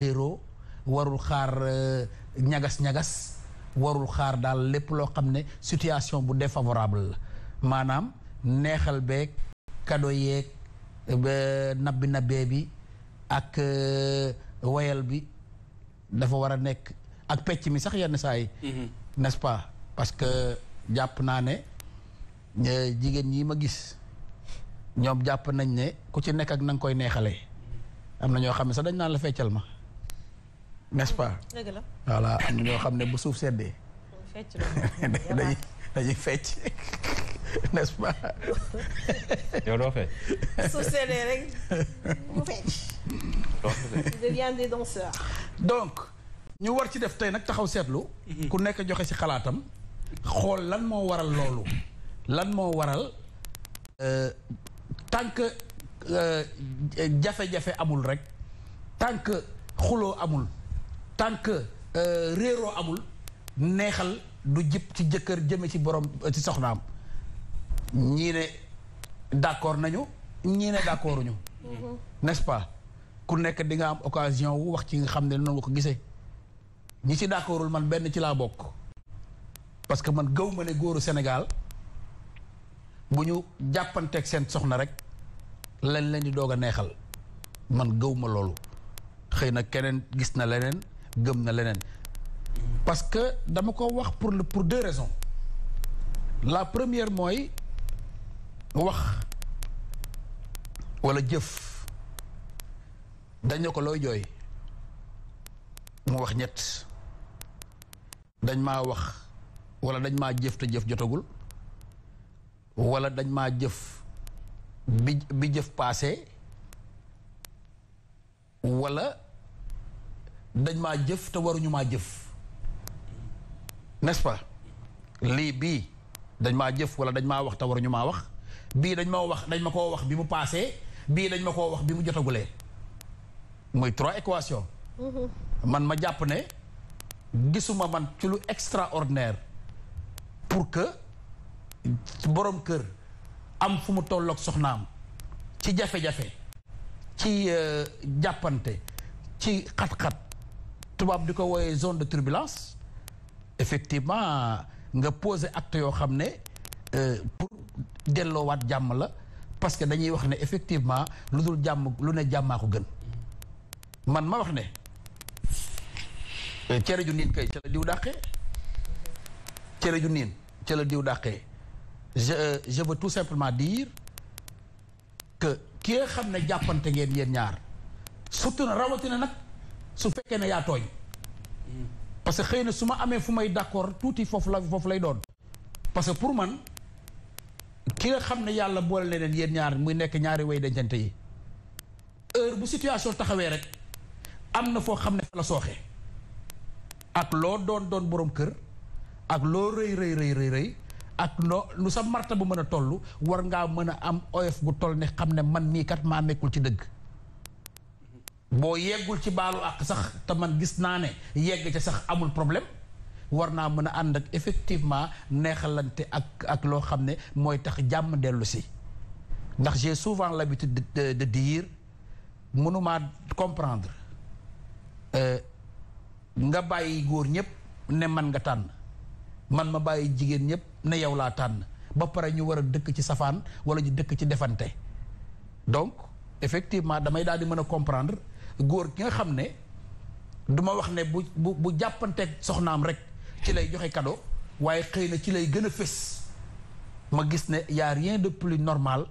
héro warul xaar euh, ñagas-ñagas warul xaar daal lépp loo xam ne situation bu défavorable la maanaam neexal beeg kado yeeg nabbi nabee bi ak euh, woyal bi dafa war a nekk ak pecc mi sax yenn saa yi mhm. nest pas parce que jàpp naa ne euh, jigéen ñi ma gis ñoom jàpp nañ ne ku ci nekk ak na nga koy neexalee am na ñoo xam ne sax dañ naan la feccal ma nest voilà ñoo xam ne bu suuf seddee. dañuy dañuy donc ñu war ci def tey nag taxaw seetlu. Mhm. ku nekk joxe ci xalaatam. xool lan moo waral loolu. lan moo waral euh, tant que euh, jafe-jafe amul rek tant que xuloo amul. tant que euh, réeroo amul neexal du jib ci jëkkër jëme ci borom euh, ci soxnaam ñii ne d'accord nañu ñii ne d'accord ñu mm-hmm. n'est-ce pas ku nekk di nga am occasion wu wax ci nga xam ne noonu nga ko gisee ñi ci d'accordul man benn ci laa bokk parce que man gëw ma ne góoru Sénégal bu ñu jàppanteek seen soxna rek lañ leen di doog a neexal man gëw ma loolu xëy na keneen gis na leneen gëm na leneen parce que dama ko wax pour le pour deux raisons la première mooy wax walla jëf dañu ko looy jooy mu wax ñett dañ maa wax walla dañ maa jëf te jëf jotagul walla dañ maa jëf bi bi jëf paase walla dañ maa jëf te waruñu maa jëf n'est-ce pas lii bii dañ maa jëf wala dañ maa wax te waruñu maa wax bii dañ ma wax dañ ma ko wax bi mu paasee bii dañ ma koo wax bi mu jotagulee muy trois équations mm-hmm. man ma jàpp ne gisuma man ci lu extraordinaire pour que borom kër am fu mu tollook soxnaam ci jafe-jafe ci euh, jàppante ci xat-xat tubaab di ko wooyee zone de turbulence effectivement nga poser acte yoo xam ne euh, pour delloowaat jàmm la parce que dañuy wax ne effectivement lu dul jàmm lu ne jàmmaa ko gën man ma wax ne euh, cere ju niin kay ca la diw cere ju niin ca la diw dàqee je euh, je veux tout simplement dire que ki nga xam ne jàppante ngeen yéen ñaar surtout na rawatina nag su fekkee ne yaa tooy parce que xëy na su ma amee fu may d'accord tuuti foofu la foofu lay doon parce que pour man ki nga xam ne yàlla boole na leen yéen ñaar muy nekk ñaari way dencante yi heure bu situation taxawee rek am na foo xam ne fa la sooxe ak loo doon doon boroom kër ak loo rëy rëy rëy rëy rëy ak loo lu sa marta bu mën a toll war ngaa mën a am oyof bu toll ne xam ne man mii kat maa nekkul ci dëgg boo yeggul ci baalu ak sax te man gis naa ne yegg ca sax amul problème war naa mën a ànd ak effectivement neexalante ak ak loo xam ne mooy tax jàmm dellu si ndax j'ai souvent l'habitude de, de, de dire mënumaa comprendre euh, nga bàyyi góor ñëpp ne man nga tànn man ma bàyyi jigéen ñëpp ne yow laa tànn ba pare ñu war a dëkk ci safaan wala ñu dëkk ci defante donc effectivement damay daal di mën a comprendre góor ki nga xam ne duma wax ne bu bu bu jàppanteeg soxnaam rek ci lay joxe kado waaye xëy na ci lay gën a fés ma gis ne y a rien de plus normal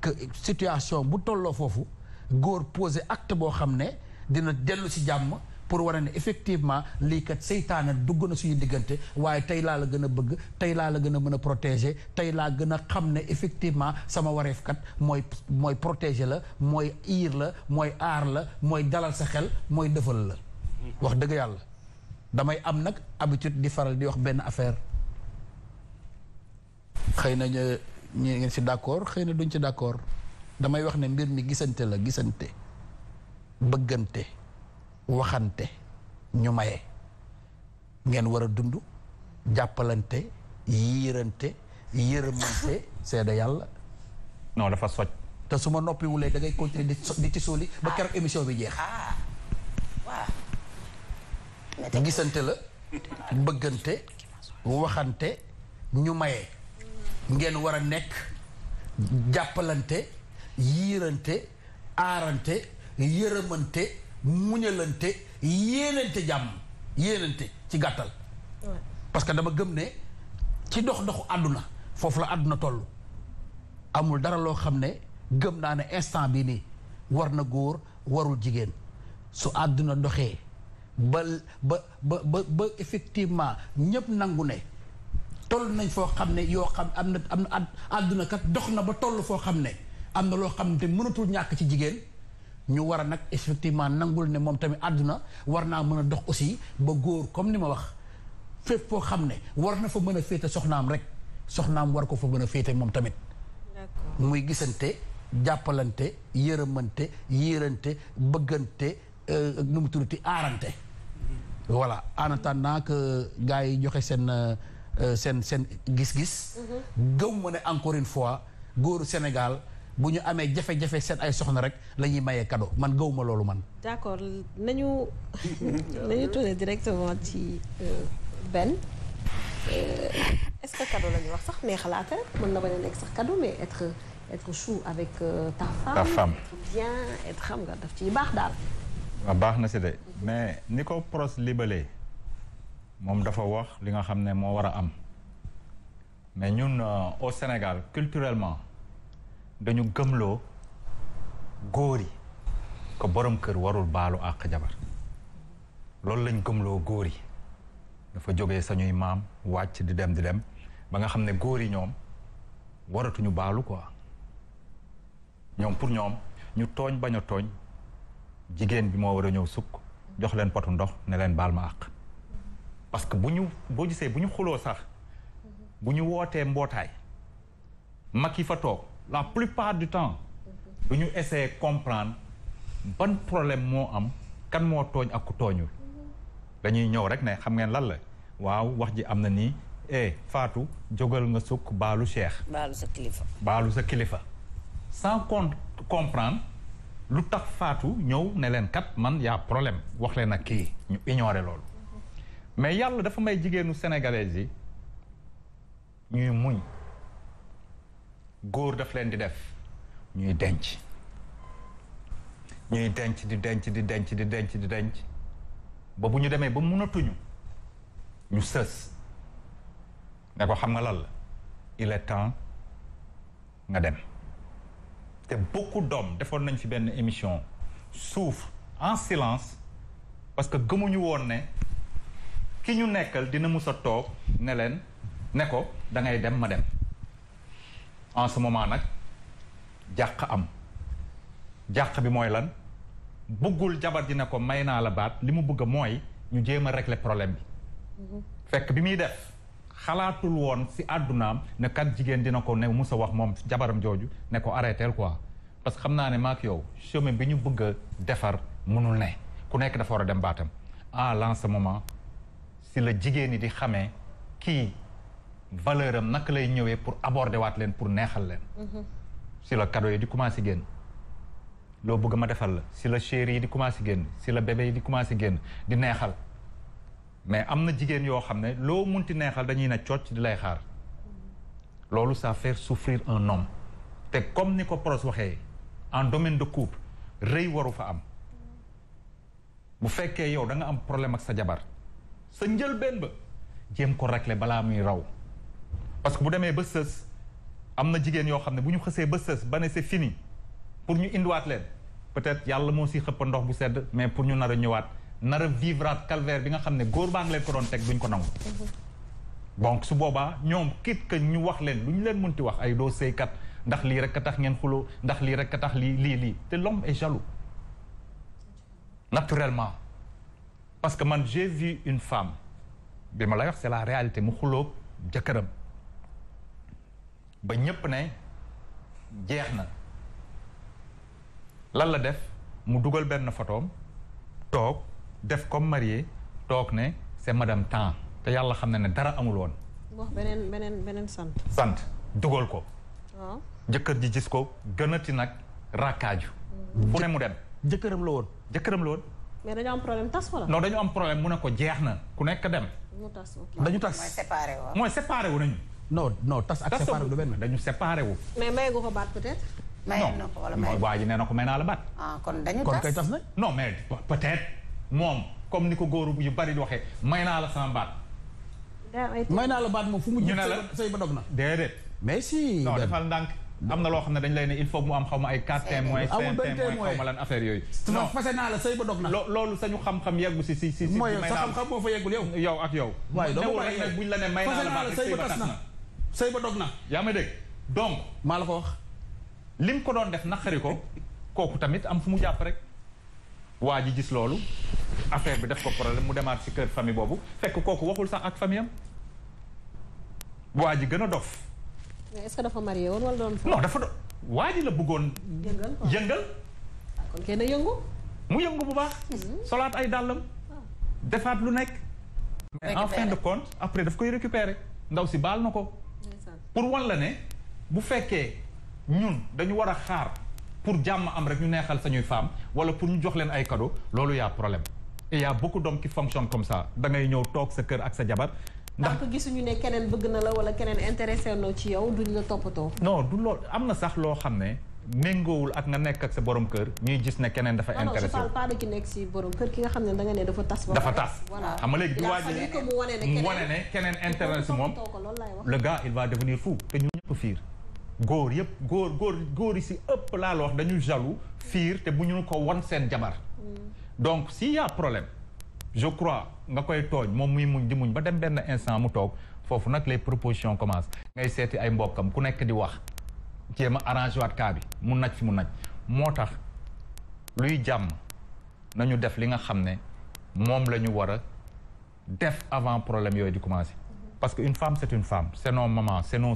que situation bu tolloo foofu góor posé acte boo xam ne dina dellu ci jàmm pour war ne effectivement lii kat seytaane dugg na suñu diggante waaye tey laa la gën a bëgg tey laa la gën a mën a protéger tey laa gën a xam ne effectivement sama wareefkat kat mooy protéger la mooy iir la mooy aar la mooy dalal sa xel mooy defal la. wax dëgg yàlla damay am nag habitude di faral di wax benn affaire xëy na ñu ngeen si d'accord xëy na duñ ci d'accord damay wax ne mbir mi gisante la gisante bëggante. waxante ñu maye ngeen war a dund jàppalante yiirante yërëmante seede yàlla non dafa soj te su ma noppi wulee da ngay continuer di di ci suuli ba keroog émission bi jeex ah, waaw gisante la bëggante waxante ñu maye ngeen war a nekk jàppalante yiirante aarante yërëmante muñalante yéenante jàmm yéenante ci gàttal. parce que dama gëm ne ci dox doxu àdduna foofu la àdduna toll. amul dara loo xam ne gëm naa ne instant bi nii war na góor warul jigéen su àdduna doxee ba ba ba ba effectivement ñëpp nangu ne toll nañ foo xam ne yoo xam am na am na àdduna kat dox na ba toll foo xam ne am na loo xam ne mënatul ñàkk ci jigéen. ñu war a nag effectivement nangul ne moom tamit àdduna war naa mën a dox aussi ba góor comme ni ma wax fépp foo xam ne war na fa mën a féete soxnaam rek soxnaam war ko fa mën a féete moom tamit. muy gisante jàppalante yërëmante yéerante bëggante euh, nu mu tuddati aarante. voilà en attendant que gars yi joxe seen euh, seen seen gis-gis. Mm-hmm. gëw ma ne encore une fois góoru Sénégal. bu ñu amee jafe-jafe seet ay soxna rek la ñuy mayee cadeau man gëwuma loolu man. d'accord nañu nañu tourner directement ci euh, benn euh, est-ce que cadeau la ñuy wax sax mais xalaat rek mën na bañ a nekk sax cadeau mais être être chou avec euh, ta femme. ta femme bien être xam nga daf ciy baax daal. waaw ah, baax na si de mais ni ko pros libalee moom dafa wax li nga xam ne moo war a am mais ñun au Sénégal culturellement. dañu gëmloo góor yi ko boroom kër warul baalu àq jabar loolu lañ gëmloo góor yi dafa jóge sañuy maam wàcc di dem di dem ba nga xam ne góor yi ñoom waratuñu baalu ko ñoom pour ñoom ñu tooñ bañ a tooñ jigéen bi moo war a ñëw sukk jox leen potu ndox ne leen baal ma àq parce que bu ñu boo gisee bu ñu xuloo sax bu ñu wootee mbootaay mag yi fa toog la plus plupart du temps du ñu essayer comprendre ban problème moo am kan moo tooñ ak ku tooñul dañuy ñëw rek ne xam ngeen lan la waaw wax ji am na nii eh Fatou jógal nga sukk baalu Cheikh. baalu sa kilifa. baalu sa kilifa sans compte comprendre lu tax faatu ñëw ne leen kat man yaa problème wax leen ak kii ñu ignorer loolu mais yàlla dafa may jigéenu sénégalaises yi ñuy muñ. góor daf leen di def ñuy denc ñuy denc di denc di denc di denc di denc ba bu ñu demee ba mënatuñu ñu sës ne ko xam nga lal la il est temps nga dem te beaucoup doom defoon nañ fi benn émission suuf en silence parce que gëmuñu woon ne ki ñu nekkal dina musa toog ne leen ne ko da ngay dem ma dem en ce moment nag jàq am jàq bi mooy lan bëggul jabar ji ne ko may naa la baat li mu bëgg mooy ñu jéem a régler problème bi mhm. fekk bi muy def xalaatul woon si àddunaam ne kat jigéen dina ko ne musa wax moom jabaram jooju ne ko arrêteel quoi parce que xam naa ne maak yow chemin bi ñu bëgg a defar mënul ne ku nekk dafa war a dem baatam à en ce moment si la jigéen ñi di xamee kii valeur am naka lay ñëwee pour aborder waat leen pour neexal leen. Mm-hmm. si la cadeau yi di commencé génn. loo bëgg ma defal la si la chéri yi di commencé génn si la bébé yi di commencé génn di neexal mais am na jigéen yoo xam ne loo munti neexal dañuy ne cocc di lay xaar loolu ça fait souffrir un homme te comme ni ko Pros waxee en domaine de couple rëy waru fa am bu fekkee yow da nga am problème ak sa jabar sa njëlbeen ba jéem ko régler balaa muy raw. parce que bu demee ba sës am na jigéen yoo xam ne bu ñu xësee ba sës ba ne c'est fini pour ñu indiwaat leen peut-être yàlla moo si xëpp ndox bu sedd mais pour ñu nar a ñëwaat nara a vivraat calvaire bi nga xam ne góor baa ngi leen ko doon teg duñ ko nangu. Mm-hmm. donc su boobaa ñoom quitte ka ñu wax leen lu ñu leen mënti wax ay doo sëykat ndax lii rek a tax ngeen xuloo ndax lii rek a tax lii lii lii te l'homme est jaloux naturellement parce que man j'ai vu une femme bi ma la réalité mu xuloo jëkkëram ba ñépp ne jeex na lan la def mu dugal benn photoom toog def comme marié toog ne c'est madame temps te yàlla xam na ne dara amul woon wax beneen beneen beneen sant sant dugal ko jëkkër ji gis ko gënati nag rakkaaju mm. fu ne mu dem jëkkëram la woon jëkkëram la woon mais dañu am problème tas wala non dañu am problème mu ne ko jeex na ku nekk dem dañu tas mooy séparé wu nañu non non tas ak séparé lu benn dañu séparé wu. mais may nga ko baat peut-être. mayoon ji nee na ko may naa la baat. ah kon dañu tas na. non mais peut moom comme ni ko góor yu bari di waxee may naa la sama baat. may naa la baat moom fu mu. ñu ne la sëy ba dog na. déedéet. mais si. non defal ndànk am na loo xam ne dañ lay ne il faut mu am xaw ma ay quatre témoins. amul benn témoin xaw ma affaire yooyu. non fase naa la sëy ba dog na. loolu sañu xam-xam yeggu si xam yeggul yow. yow ak yow. waaye doo ko buñ la ne may naa la baat ba tas na sëy ba dog na. yaa ma dégg donc maa la ko wax. lim ko doon def naqari ko kooku tamit am fu mu jàpp rek waa ji gis loolu affaire bi def ko problème mu demaat si kër famille boobu fekk kooku waxul sax ak famille am waa ji gën a dof. mais ce que dafa marié woon wala dafa do waa ji la bëggoon. yëngal yëngal. Ah, kon kenn mu yëngu bu baax. Mhm. solaat ay dàllam. Ah. defaat lu nekk. mais en fin de compte après daf koy récupérer ndaw si baal na ko. pour wan la ne bu fekkee ñun dañu war a xaar pour jàmm am rek ñu neexal sañuy femmes wala pour ñu jox leen ay cadeau loolu y'a problème et y a beaucoup d'hommes qui fonctionnent comme ça da ngay ñëw toog sa kër ak sa jabar ndax ko gisuñu ne keneen bëgg na la wala keneen intéressé noo ci yow duñ la toppatoo non du loolu am na sax loo xam ne méngoowul ak nga nekk ak sa borom kër ñuy gis ne keneen dafa ah intéressé je parle pas ki nekk si borom kër ki nga xam ne da nga ne dafa tas dafa tas xam nga léegi bi waajee mu wane ne moom le gars il va devenir fou te ñu ñëpp fiir góor yëpp góor góor góor yi si ëpp laa la wax fiir te bu ñu ko won seen jabar mm. donc s'il y je crois nga koy tooñ moom muy muñ di muñ ba dem benn instant mu toog foofu nag les propositions commencent ngay seeti ay mbokkam ku nekk di wax jéem a arrangé waat cas bi mu naj fi mu naj moo tax luy jàmm nañu def li nga xam ne moom la ñu war a def avant problème yooyu di commencé parce que une femme c'est une femme c'est nos mamans c'est nos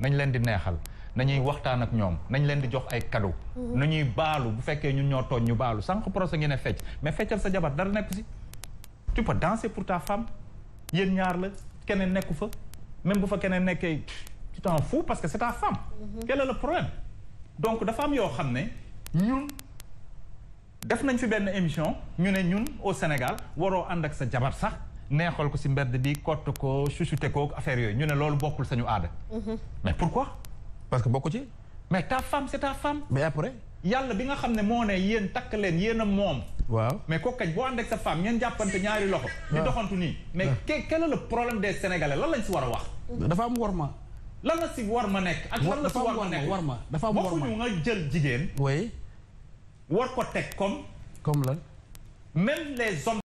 leen di neexal nañuy waxtaan ak ñoom nañ leen di jox ay cadeau mhm. nañuy baalu bu fekkee ñun ñoo tooñ ñu baalu sànq procès ngi ne fecc mais feccal sa jabar dara nekku si tu peux danser pour ta femme yéen ñaar la keneen nekku fa même bu fa keneen nekkee tu t'en fous parce que c'est ta femme. Mhm. quel est le problème donc dafa am yoo xam ne ñun def nañ fi benn émission ñu ne ñun au Sénégal waroo ànd ak sa jabar sax neexal ko si mbedd bi kott ko chuchute kook affaire yooyu ñu ne loolu bokkul sañu aada. Mhm. mais pourquoi. parce que bokk ci. mais ta femme c'est à femme. mais après. yàlla bi nga xam ne moo ne yéen takk leen yéen a moom. waaw mais kooku kañ boo ànd ak sa femme ñeen jàppante ñaari loxo. di doxantu nii mais quel est le problème lañ si war a wax. lan la si war ma nekk ak lan la si war ma nekk war ma dafa am war ma nga jël jigéen oui war ko teg comme comme lan même les hommes